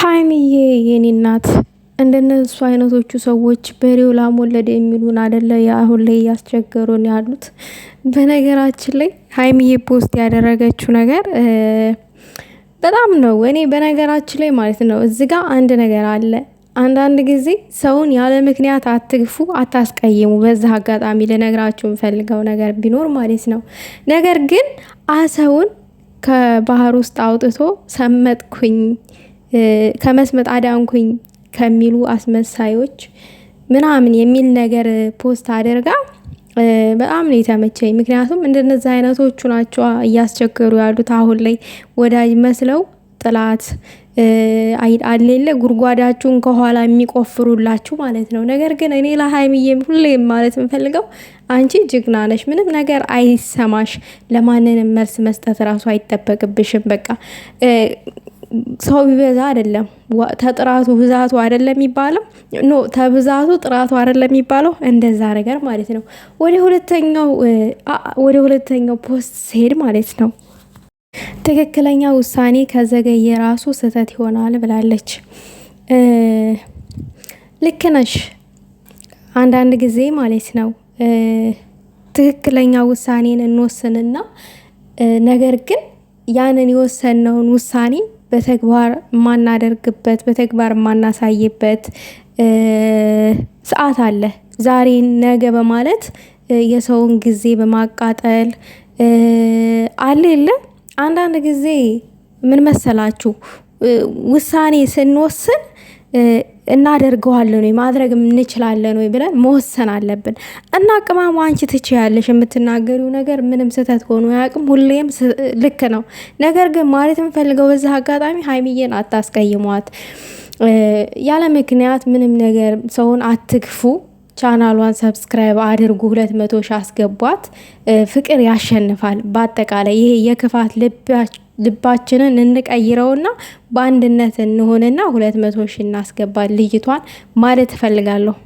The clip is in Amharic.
ሀይሚዬ የኔ እናት እንደነሱ አይነቶቹ ሰዎች በሬው ላም ወለደ የሚሉን አደለ አሁን ላይ እያስቸገሩን ያሉት። በነገራችን ላይ ሀይሚዬ ፖስት ያደረገችው ነገር በጣም ነው። እኔ በነገራችን ላይ ማለት ነው እዚ ጋር አንድ ነገር አለ። አንዳንድ ጊዜ ሰውን ያለ ምክንያት አትግፉ፣ አታስቀይሙ። በዛ አጋጣሚ ልነግራችሁ የምፈልገው ነገር ቢኖር ማለት ነው ነገር ግን አሰውን ከባህር ውስጥ አውጥቶ ሰመጥኩኝ ከመስመጥ አዳንኩኝ ከሚሉ አስመሳዮች ምናምን የሚል ነገር ፖስት አድርጋ በጣም ነው የተመቸኝ። ምክንያቱም እንደነዚህ አይነቶቹ ናቸው እያስቸገሩ ያሉት አሁን ላይ ወዳጅ መስለው ጥላት አሌለ ጉድጓዳችሁን ከኋላ የሚቆፍሩላችሁ ማለት ነው። ነገር ግን እኔ ለሀይሚዬ ሁሌም ማለት የምፈልገው አንቺ ጀግና ነሽ፣ ምንም ነገር አይሰማሽ፣ ለማንንም መልስ መስጠት ራሱ አይጠበቅብሽም። በቃ ሰው ቢበዛ አይደለም ተጥራቱ ብዛቱ አይደለም የሚባለው፣ ኖ ተብዛቱ ጥራቱ አይደለም የሚባለው። እንደዛ ነገር ማለት ነው። ወደ ሁለተኛው ወደ ሁለተኛው ፖስት ሲሄድ ማለት ነው ትክክለኛ ውሳኔ ከዘገየ ራሱ ስህተት ይሆናል ብላለች። ልክ ነሽ። አንዳንድ ጊዜ ማለት ነው ትክክለኛ ውሳኔን እንወስንና ነገር ግን ያንን የወሰንነውን ውሳኔ በተግባር የማናደርግበት በተግባር የማናሳይበት ሰዓት አለ። ዛሬን ነገ በማለት የሰውን ጊዜ በማቃጠል አለ የለ። አንዳንድ ጊዜ ምን መሰላችሁ ውሳኔ ስንወስን እናደርገዋለን ወይ ማድረግ እንችላለን ወይ ብለን መወሰን አለብን። እና ቅማሙ አንቺ ትችያለሽ፣ የምትናገሪው ነገር ምንም ስህተት ሆኖ አያውቅም፣ ሁሌም ልክ ነው። ነገር ግን ማለት የምፈልገው በዚህ አጋጣሚ ሀይሚዬን አታስቀይሟት። ያለ ምክንያት ምንም ነገር ሰውን አትግፉ። ቻናሏን ሰብስክራይብ አድርጉ። ሁለት መቶ ሺ አስገቧት። ፍቅር ያሸንፋል። በአጠቃላይ ይሄ የክፋት ልባችሁ ልባችንን እንቀይረውና በአንድነት እንሆንና ሁለት መቶ ሺ እናስገባ ልይቷን ማለት እፈልጋለሁ።